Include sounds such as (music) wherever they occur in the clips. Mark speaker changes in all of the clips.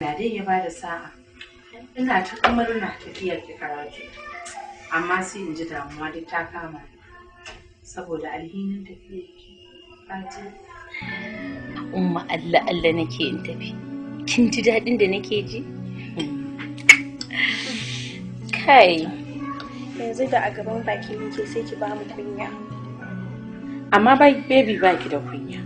Speaker 1: na dai ya bada sa'a ina ta kamar na tafiyar ki karatu amma sai in ji damuwa duk ta kama saboda alhinin tafiyar ki
Speaker 2: umma Allah Allah nake in tafi kin ji dadin da nake ji kai yanzu da a gaban baki nake sai ki ba mu kunya amma bai baby baki da kunya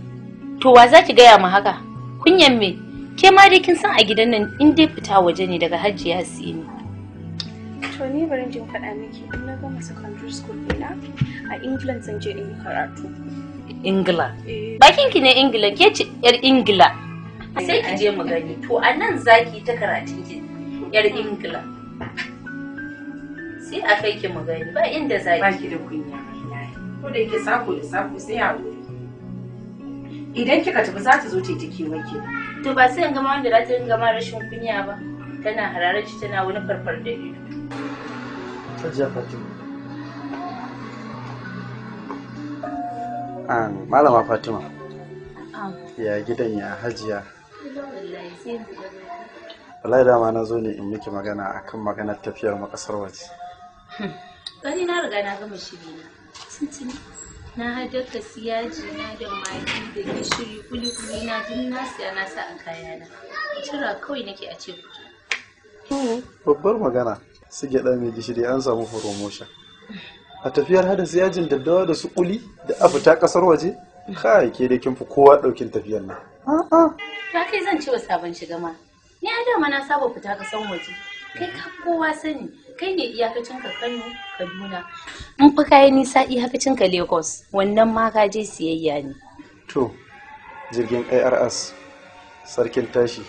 Speaker 2: to wa za ki gaya mu haka kunyan me Ke ma dai kin san a gidan nan in dai fita waje ne daga Hajji Yasini. To ni bari jin faɗa miki in na gama secondary school ɗina a England zan je in yi karatu. Ingila. Eh. Bakin ki ne Ingila ke ci yar Ingila. Eh, sai ki je mu gani. To a nan zaki ta karatun ki yar Ingila. Sai a kai ki mu gani ba inda zaki. Ba ki da kunya. Ko da yake sako da sako sai a Idan kika tafi za ta zo ta yi ta kewaye. to ba sai gama wanda za ta ringa ma rashin kunya ba tana hararar shi tana wani farfar da ido
Speaker 3: Hajiya Fatima an ah, malama Fatima ah. ya gidan ya hajiya wallahi dama na zo ne in miki magana akan maganar tafiyar mu kasar waje
Speaker 2: gani na riga na gama shiri na na haddaka siyaji na da magi da gishiri kuli-kuli na duk na siya na sa a kayana jira kawai nake a ce
Speaker 3: kuɗi. babbar magana su gyaɗa mai gishiri an samu promotion a tafiyar hada siyajin daddawa da su kuli da abu ta ƙasar waje kai ke da kin fi kowa ɗaukin tafiyar nan.
Speaker 2: ta kai zan ce wa sabon shiga ma ni a dama na saba fita kasar waje kai ka kowa sani kai ne iyakacin Kano Kaduna in fi kai nisa iyakacin Lagos wannan ma ka je siyayya ne
Speaker 3: to jirgin ARS sarkin tashi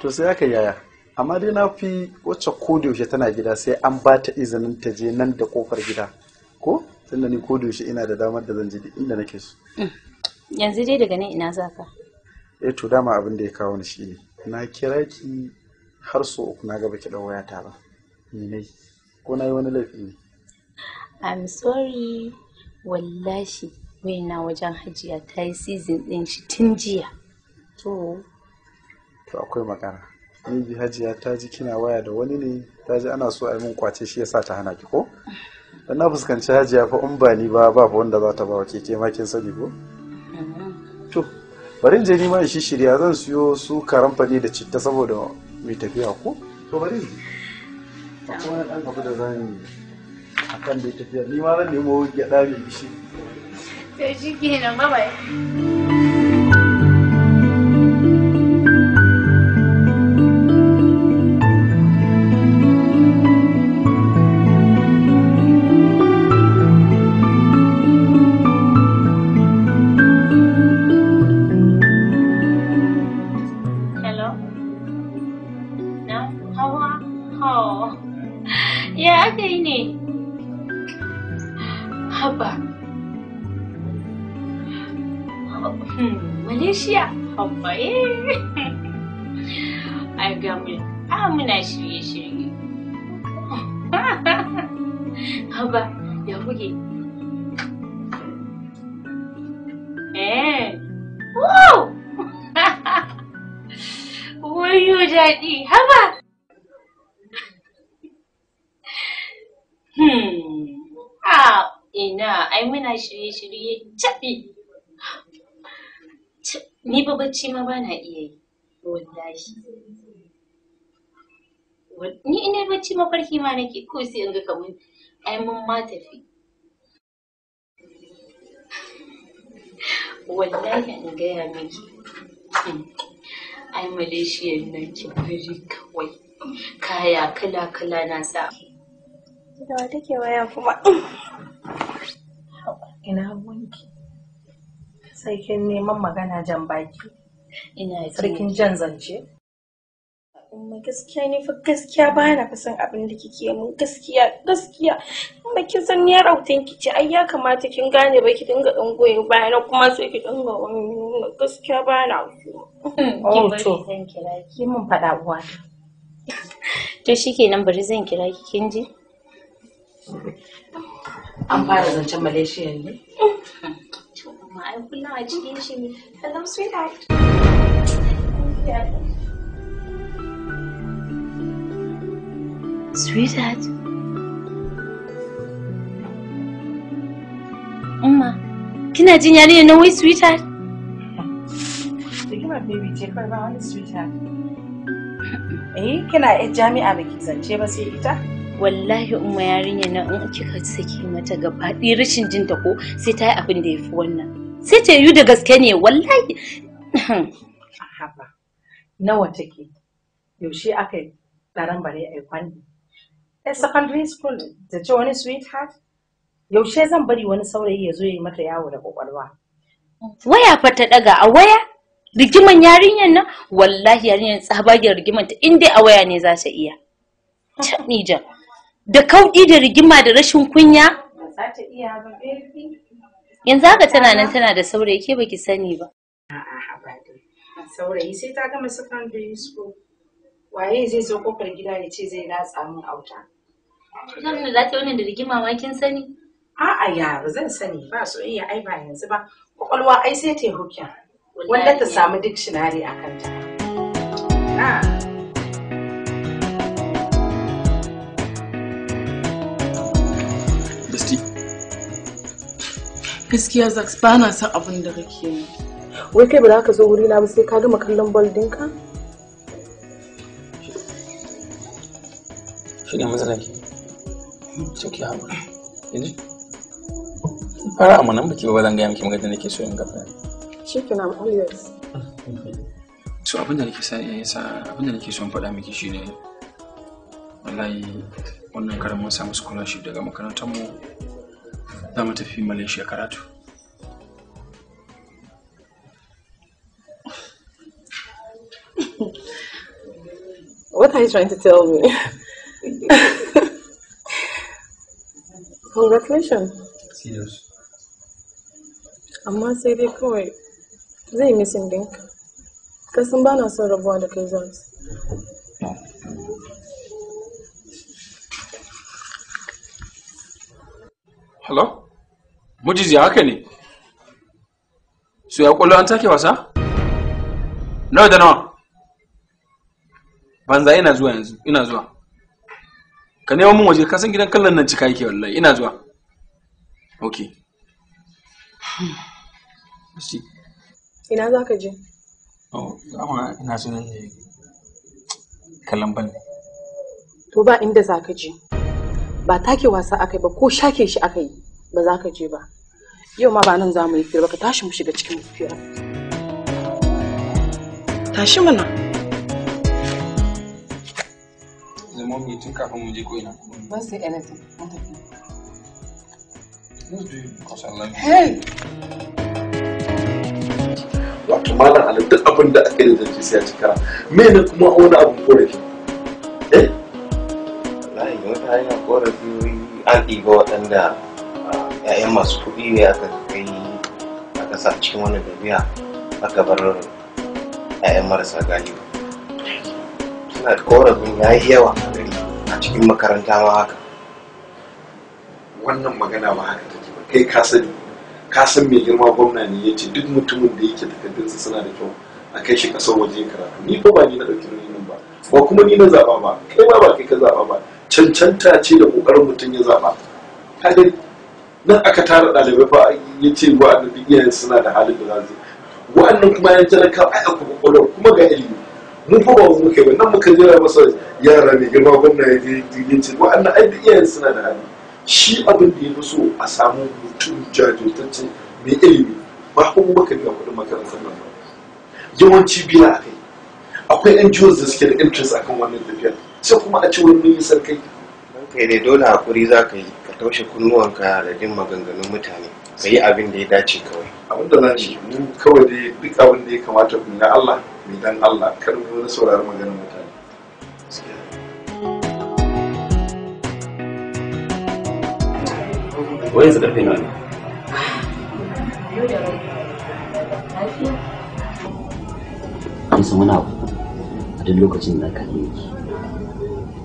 Speaker 3: to sai aka yaya amma dai na fi wacce kodayaushe tana gida sai an ba ta izinin ta je nan da kofar gida ko tunda ni kodayaushe ina da damar da zan je inda nake so
Speaker 2: mm. yanzu dai daga nan ina za ka
Speaker 3: eh to dama abin da ya kawo ni shine na kira ki har so uku na gaba ki dan wayata ba ko na yi wani
Speaker 2: i'm sorry wallahi waina wajen hajiya ta yi season din shi tun jiya to
Speaker 3: to akwai magana bi hajiya ta ji kina waya da wani ne ta ji ana so a yi min kwace shi yasa ta hana ki ko dan na fuskanci hajiya fa in ba ni ba ba wanda za ta ba wa keke ma kin sani ko to bari je ni ma shi shirya zan siyo su karamfani da citta saboda mai tafiya ko to bari akwai ɗan abu da zan yi a kan da ya tafiya ni ma zan nemo gyaɗa mai gishi
Speaker 2: sai Oh. ya aka yi ne haba hmm, malaysia haba eh. ai ga a muna shirye-shirye (laughs) haba ya kuke eh wow (laughs) wayo daɗi haba ai muna shirye-shirye caɓi ni ba bacci ma ba na iya yi wallahi ni ina bacci mafarki ma nake ko sai in ga kamar ai mun ma tafi wallahi in gaya miki hmm, ai malaysia nan ki bari kawai kaya kala-kala na sa da wata
Speaker 1: take waya kuma ina gunki sai kin neman magana jan baki ina sarkin jan zance
Speaker 2: amma gaskiya ne fa gaskiya ba na fa abin da kike mun gaskiya gaskiya amma kin san ne rautin ki ce ai ya kamata kin gane ba ki dinga dan goyon baya na kuma
Speaker 1: so ki dinga gaskiya ba na so hmm, oh, kin bari zan kira
Speaker 2: ki mun fada uwa to shikenan bari zan kira ki kin ji
Speaker 1: (laughs) an fara zancen
Speaker 2: malaysia ne to amma ai kullum a cikin shi ne hello sweetheart sweetheart umma kina jin yarinya na wai sweetheart
Speaker 1: rigimar baby ce kawai ba wani sweetheart
Speaker 2: eh kina yan jami'a da ke zance ba sai ita wallahi umma yarinya na in kika saki mata gaba ɗi rashin jin ta ko sai ta yi abin da ya fi wannan sai ta yi da gaske ne wallahi nawa take
Speaker 1: yaushe aka yi ɗaran bare a kwanni a secondary school da ce
Speaker 2: wani sweetheart yaushe zan bari wani saurayi ya zo ya yi mata yawo da kwakwalwa waya fa ta ɗaga a waya rigiman yarinyan nan wallahi yarinyan tsabagen rigiman ta inda a waya ne za ta iya ta nijan da kauɗi da rigima da rashin kunya yanzu haka tana nan tana da saurayi ke baki sani ba
Speaker 1: saurayi sai ta gama secondary school waye zai zo kofar gida ya ce zai latsa min auta zan da zata wannan da rigima ma kin sani a'a ya ba zan sani ba iya ai ba yanzu ba kwakwalwa ai sai ta yi hukin wanda ta samu dictionary a kanta
Speaker 4: gaskiya zax ba na son abin da kake yi
Speaker 1: wai kai ba za ka zo wuri na ba sai ka gama kallon bal dinka
Speaker 4: shi ne matsala ke sauki haɓu yanzu fara amma nan baki ba zan gaya miki magana nake so in gaba
Speaker 1: shi ke na always
Speaker 4: so abin da nake sa eh, abin da nake son faɗa miki shine wallahi wannan karamin mun samu scholarship daga makarantar mu za mu tafi malaysia karatu
Speaker 1: What are you trying to tell me? Congratulations. Serious. Amma sai dai kawai zai yi missing ɗinka. Kasan ba na son rabuwa da kai zams.
Speaker 4: Hello? mujizi haka ne su ya kwallo an take wasa nawa da nawa banza ina zuwa yanzu ina zuwa ka nemo mun waje ka san gidan kallon nan cika yake wallahi ina zuwa ok
Speaker 1: ina za ka je
Speaker 4: oh amma ina so ne kallon ban
Speaker 1: to ba inda za ka je ba take wasa aka yi ba ko shake shi aka yi ba za ka je ba yau ma ba nan za mu yi fira ka tashi mu shiga
Speaker 4: cikin fira tashi mana zama ku tun kafin mu je ko'ina
Speaker 1: ba sai anything mun tafi
Speaker 4: let's do it because I love
Speaker 1: hey
Speaker 3: wato malam alim duk abin da aka yi da zance sai a ci kara me ne kuma wani abu ko da shi? eh wallahi wata hanya korafi
Speaker 5: an ɗiba waɗanda 'ya'yan masu kuɗi ne aka kai aka sa cikin wani gabiya aka bar 'ya'yan marasa galiba
Speaker 3: suna da korafin ya yi yawa gari a
Speaker 5: cikin makaranta ma haka
Speaker 3: wannan magana ba haka take ba kai ka sani ka san mai girma gwamna ne ya ce duk mutumin da yake takardunsa suna da kyau a kai shi kasar waje karatu ni ko ba ni na ɗauki nauyin ba ba kuma ni na zaɓa ba kai ba ba kai ka zaɓa ba cancanta ce da ƙoƙarin mutum ya zaɓa ka nan aka tara ɗalibai fa ya ce wa'annan iyayen suna da halin da za wa'annan kuma yan talaka ai akwai kwakwalwar kuma ga ilimi mun fa ba mu kai ba nan muka jira masa yara mai girma gwamna ya je ce wa'annan ai iyayen suna da hali shi abin da ya fi so a samu mutum jajirtacce mai ilimi ba kuma baka biya kuɗin makarantar nan ba yawanci biya a kai akwai NGOs da suke da interest akan wannan tafiyar sai kuma a ce wani mun yi sarkai kai ne dole hakuri za ka yi taushe kunnuwanka da jin maganganun mutane ka yi abin da ya dace kawai abin da zan ce ni kawai dai duk abin da ya kamata ku na Allah mai dan Allah kar mu wani sauraron maganganun mutane
Speaker 6: wai yanzu karfe ne Amsa wani abu a duk lokacin da ka yi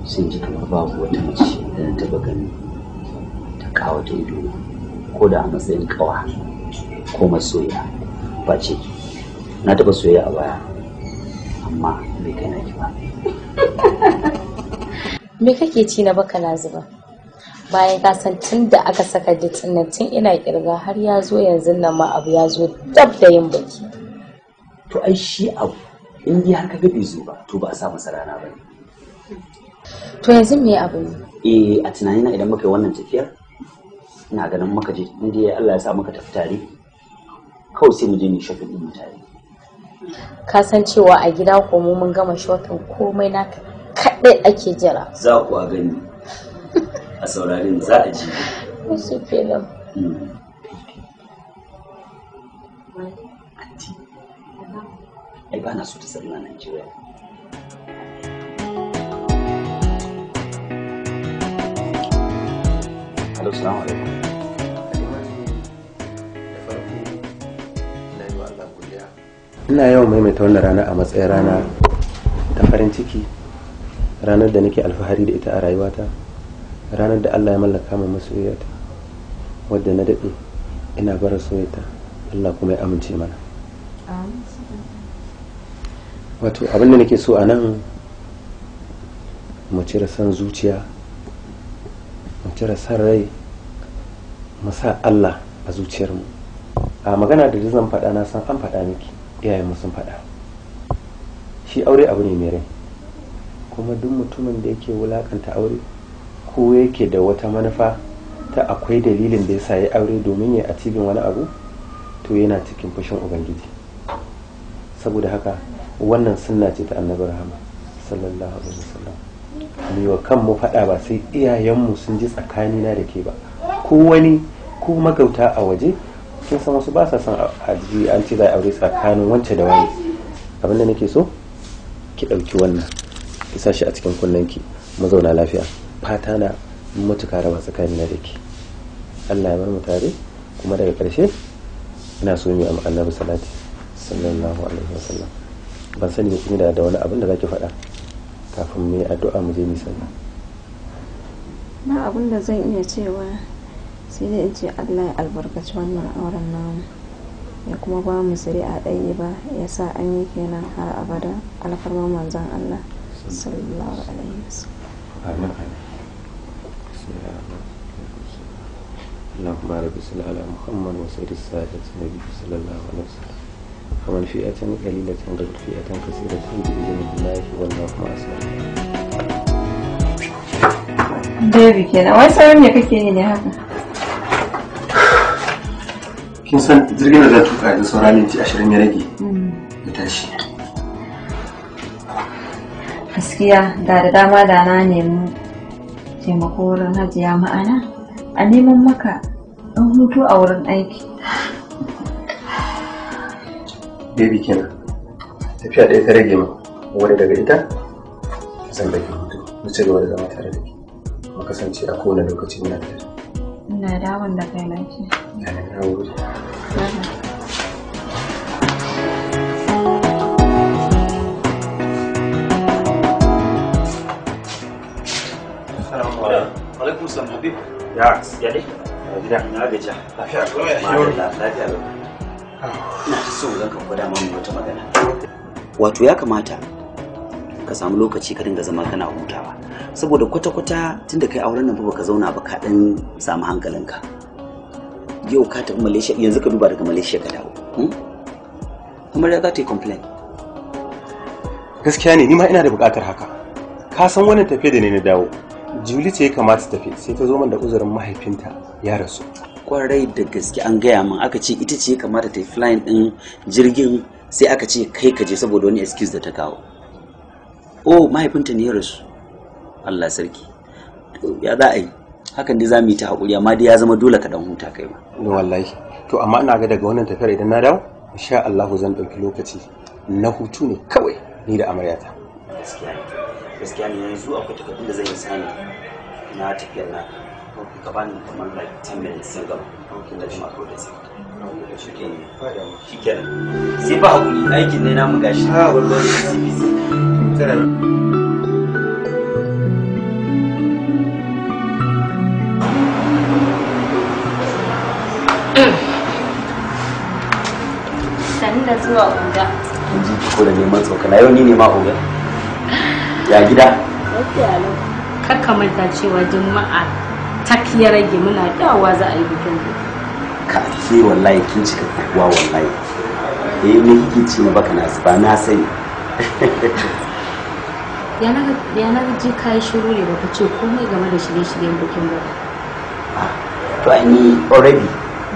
Speaker 6: sai ji kamar babu wata mace da na taba gani kawo ta ido ko da a matsayin kawa ko masoya ba ce na taɓa soyayya a baya amma bai kai na ba
Speaker 2: (laughs) me kake ci na baka ba bayan kasan tun da aka saka da nan tun ina kirga har ya zo yanzu nan ma abu ya zo dab da yin baki
Speaker 6: to ai shi abu in dai har kaga bai zo ba to ba a sa masa rana ba
Speaker 2: to yanzu me abu ne
Speaker 6: eh a tunanina idan muka yi wannan tafiyar ina ganin muka je inda Allah ya sa muka tafi kawai sai mu je mu shafi din tare
Speaker 2: ka san cewa a gida ko mu mun gama shopping komai na kaɗai ake jira
Speaker 6: za ku a gani a saurarin za a ji shi kenan hmm. ai ba na so ta zama Nigeria.
Speaker 5: Ina yawan maimaita wannan rana a matsayin rana ta farin ciki, ranar da nake alfahari da ita a rayuwata, ranar da Allah ya mallaka min masoyiyata, wadda na daɗe ina bara soyata, Allah kuma ya amince mana. Wato abinda nake so a nan mu cire san zuciya cire san rai mu sa Allah a zuciyarmu a magana da zan faɗa na san an faɗa miki iyayen mu sun faɗa shi aure abu ne mai rai kuma duk mutumin da yake wulakanta aure ko yake da wata manufa ta akwai dalilin da ya sa ya aure domin ya cikin wani abu to yana cikin fushin ubangiji saboda haka wannan sunna ce ta annabi rahama sallallahu alaihi wasallam mu wa kanmu faɗa ba sai iyayenmu sun ji tsakanina da ke ba ko wani ko magauta a waje kin san wasu ba sa son a ji an ce za a aure tsakanin wance da wani abinda nake so ki ɗauki wannan ki sa shi a cikin kunnenki mazauna lafiya fata na matuka raba tsakanina da ke Allah ya bar mu tare kuma daga ƙarshe ina so mu yi annabi salati sallallahu alaihi wasallam ban sani kuma da wani abin da zaki faɗa kafin mai addu'a mu je mu sallah
Speaker 4: na abin da zan iya cewa sai dai in ce Allah ya albarkaci wannan auren namu ya kuma ba mu a ɗaya ba ya sa an yi kenan har abada alfarma manzan Allah sallallahu alaihi wasallam
Speaker 5: Allahumma اللهم بارك على Muhammad wa السادة النبي nabiyyi sallallahu alaihi wasallam ومن فئة قليلة غير فئة كثيرة بإذن الله والله مع السلامة
Speaker 1: Jerry kenan wai sauran me kake yi ne haka?
Speaker 3: Kin san jirgin da za tuka da saura
Speaker 5: minti ashirin ya rage hmm. ya tashi.
Speaker 2: Gaskiya da da dama da na nemi taimako wurin hajiya ma'ana a neman maka ɗan hutu a wurin aiki.
Speaker 5: baby kenan tafiya ɗaya ta rage min wani daga ita zan baki hutu mu ci gaba da zama tare da ke mu kasance a kowane lokaci muna tare
Speaker 1: ina dawon da kai lafiya ya
Speaker 5: na gode Ya salam ya ya gida na gaja lafiya lafiya
Speaker 6: ina so zan ka gwada mamu wata magana wato ya kamata ka samu lokaci ka dinga zama kana hutawa saboda kwata-kwata tunda kai auren nan ba ka zauna ba ka dan samu hankalinka yau ka tafi malaysia yanzu ka duba daga malaysia ka dawo kuma
Speaker 5: hmm? da za ta yi complain gaskiya ne ni ma ina da bukatar haka ka san wannan tafiya da ne na dawo juli ce ya kamata tafi sai ta zo man da uzurin mahaifinta ya rasu kwarai da gaske an gaya min aka ce ita ce kamata ta yi flying din
Speaker 6: jirgin sai aka ce kai ka je saboda wani excuse da ta kawo oh mahaifinta ne ya rasu allah sarki ya za a yi hakan dai za mu yi ta
Speaker 5: haƙuri amma dai ya zama dole ka dan huta kai ma wallahi to amma ina ga daga wannan tafiyar idan na dawo insha Allah zan ɗauki lokaci na hutu ne kawai ni da amaryata
Speaker 6: gaskiya ne gaskiya ne yanzu akwai takardun da zan yi sani na tafiyar naka ka bani kamar like 10 minutes sai gama da jima ko da sai shi
Speaker 5: sai ba hakuri aikin ne namu gashi a wallahi CBC
Speaker 2: da zuwa oga.
Speaker 6: Kun ji ko da neman tsokana yau ni ne ma oga. Ya gida?
Speaker 2: Kakka manta cewa juma'a tak rage muna dawowa za a yi bikin
Speaker 6: ka ke wallahi kin cika kuwa wallahi eh me kike ci na baka na ba na sani (laughs)
Speaker 2: ya na ji kai shiru ne baka ce komai game da shirye-shiryen bikin ba
Speaker 6: ah, to ni already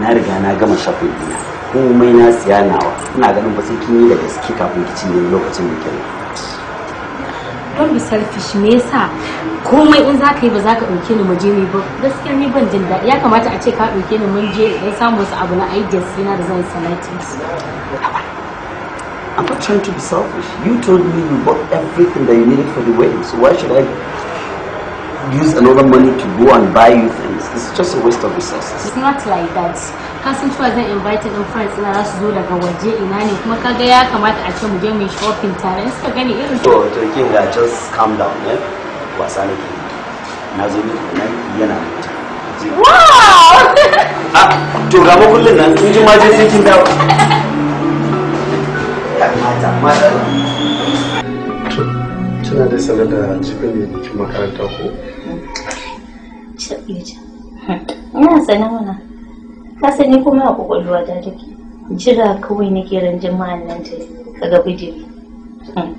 Speaker 6: na riga na gama shafin dina komai na siya nawa ina ganin ba sai kin yi da gaske kafin ki cinye lokacin bikin
Speaker 2: Don't be selfish me yasa komai in zaka yi ba zaka dauke ni muje ni ba gaskiya ni ban jin daɗi ya kamata a ce ka dauke ni mun je dan samu wasu abu na ideas na da zan salati
Speaker 6: I'm not trying to be selfish. You told me you bought everything that you needed for the wedding, so why should I use another money to go and buy you things? It's just a waste of resources. It's
Speaker 2: not like that. kasan cewa zan invite din friends na za su zo daga waje ina ne kuma kaga ya kamata a ce mu je mu shopping tare suka gani irin to
Speaker 6: to kin ga just calm down ne eh? wasa ne na zo ne da yana wow a (laughs) ah, to ga ba kullun nan kin ji ma je sai kin dawo
Speaker 3: ya mata mata tana da sanar da jikin ne bikin makaranta ko?
Speaker 2: Shaɓe ta. Ina sanar mana. ka sani kuma a kwakwalwa ta take jira kawai na ran jama'an nan ta kaga bijiri hmm.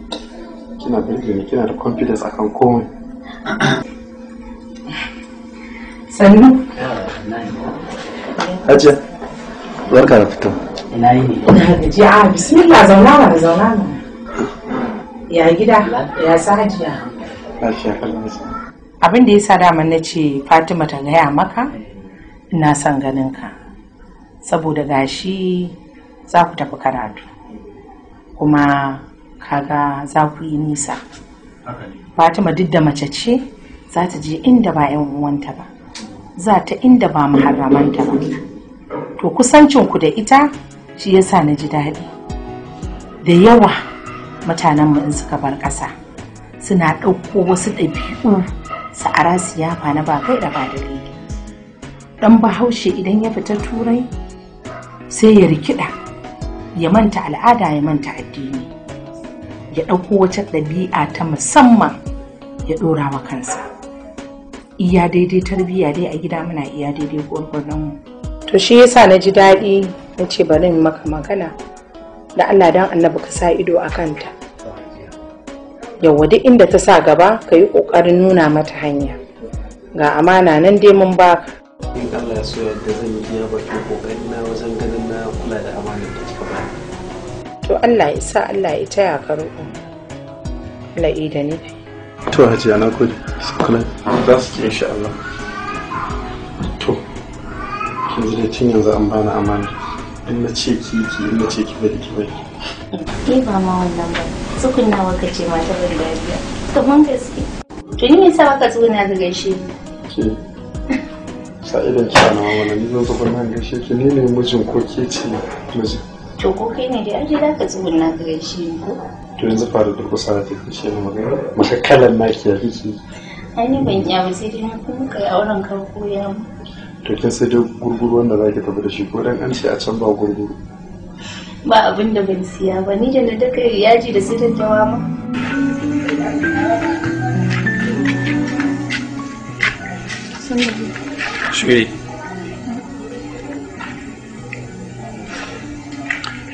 Speaker 3: kina bidiyo ni kina da confidence akan komai sannu hajiya barka da fito ina yi
Speaker 1: ne ji a ah, bismillah zauna da zauna ma ya gida ya sa hajiya
Speaker 3: lafiya kallon
Speaker 1: abin da ya sa daman na ce fatima ta gaya maka ina son ganin ka saboda gashi za ku tafi karatu kuma kaga za ku yi nisa fatima duk da mace ce za ta je inda ba 'yan uwanta ba za ta inda ba maharamanta ba to kusancinku da ita shi yasa na ji daɗi da yawa mutanenmu in suka bar ƙasa suna ɗauko wasu ɗabi'u su sa'ara siyafa na ba kai da ba dalili ɗan bahaushe idan ya fita turai sai ya rikida ya manta al'ada ya manta addini ya ɗauko wata ɗabi'a ta musamman ya ɗora wa kansa iya daidai tarbiyya dai a gida muna iya daidai mu. to shi yasa na ji daɗi na ce bari in maka magana da Allah don annabi ka sa ido a kanta yawwa duk inda ta sa gaba ka yi ƙoƙarin nuna mata hanya ga amana nan dai mun baka
Speaker 5: in Allah ya so yadda zan yi iya bakin na wajen
Speaker 1: to Allah ya sa Allah ya taya ka roƙo Allah ya da
Speaker 3: to hajiya na gode kula za su ci insha Allah to yanzu da tun yanzu an bani amana in na ce ki ki in na ce ki bari ki bari
Speaker 2: ke ba ma wannan ba Sukuna waka ce mata ban dariya mun gaske to ni me yasa zo na ga gaishe
Speaker 3: ki sa idan ki ana wani ni zan tsukunan gaishe ki ni ne mijin ko ke ce mijin
Speaker 2: to ko kai ne da aje za ka tsugunna ka gaishe ni ko
Speaker 3: to yanzu faru da kusa da take shi magana maka kalan naki ya kike
Speaker 2: ai ni ban iya ba sai dai na kuma kai auren ka koya mu
Speaker 3: to kin sai dai gurguru wanda zaki tafi da shi ko dan an ce a can ba gurguru
Speaker 2: ba abin da ban siya ba ni da na daka yaji da sai tattawa ma
Speaker 4: Shuri.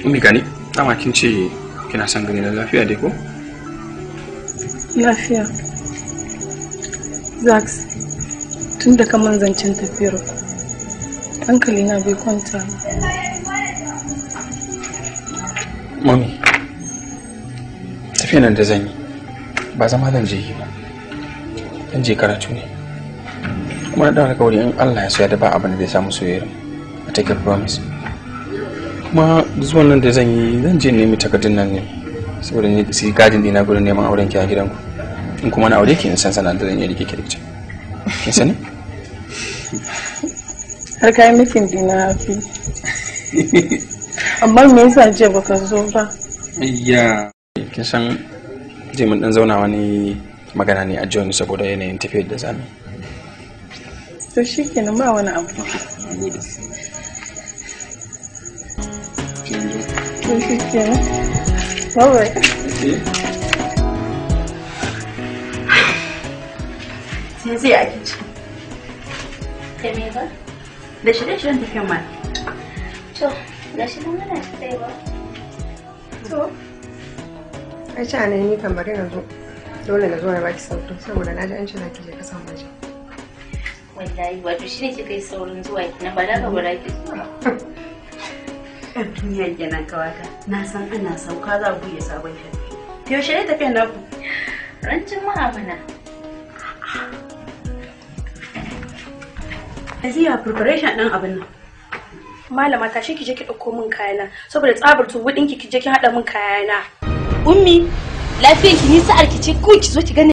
Speaker 4: Umi gani, dama kin ce kina son gani na lafiya dai ko?
Speaker 1: Lafiya. Zax, tun da kaman zancen tafiyar hankali na bai kwanta.
Speaker 4: Mami, tafiya nan da zan yi ba zama zan je yi ba. Dan je karatu ne. Kuma na ɗaura kawai in Allah ya so ya da ba abin da zai samu soyayya. I take a promise. kuma zuwan nan da zan yi zan je nemi takardun nan ne saboda ni yi gadin dina gudun neman auren ki a gidanku in kuma na aure ki in san sana da zan yi rike kirkice kin sani (laughs) har kai mikin dina fi (laughs) amma me yasa je baka zo ba ayya kin san je mun dan zauna wani magana ne a John saboda yanayin tafiyar da zamu to shikenan ba wani abu 只是觉得好恶
Speaker 3: 心。
Speaker 2: زي أكيد تميضة ليش ليش ¿Tú?
Speaker 1: Ay, ya, ni kan bari na zo dole na
Speaker 4: zo
Speaker 2: na baki sauki saboda na ji an ce za ki je kasan waje wallahi (laughs) wato shi ne kika yi saurin zuwa ki ba da ka gura kan duniya kenan kawata na san ana sauka za ku iya sabon shafi ta yaushe ne tafiya na ku rancin ma'amana Aziya preparation ɗin abin nan. Malama ta shi kije ki dauko min kayana saboda tsabar tubu ki kije ki hada min kayana. Ummi, lafiyar ki ni sa'ar ki ce ko ki zo ki gani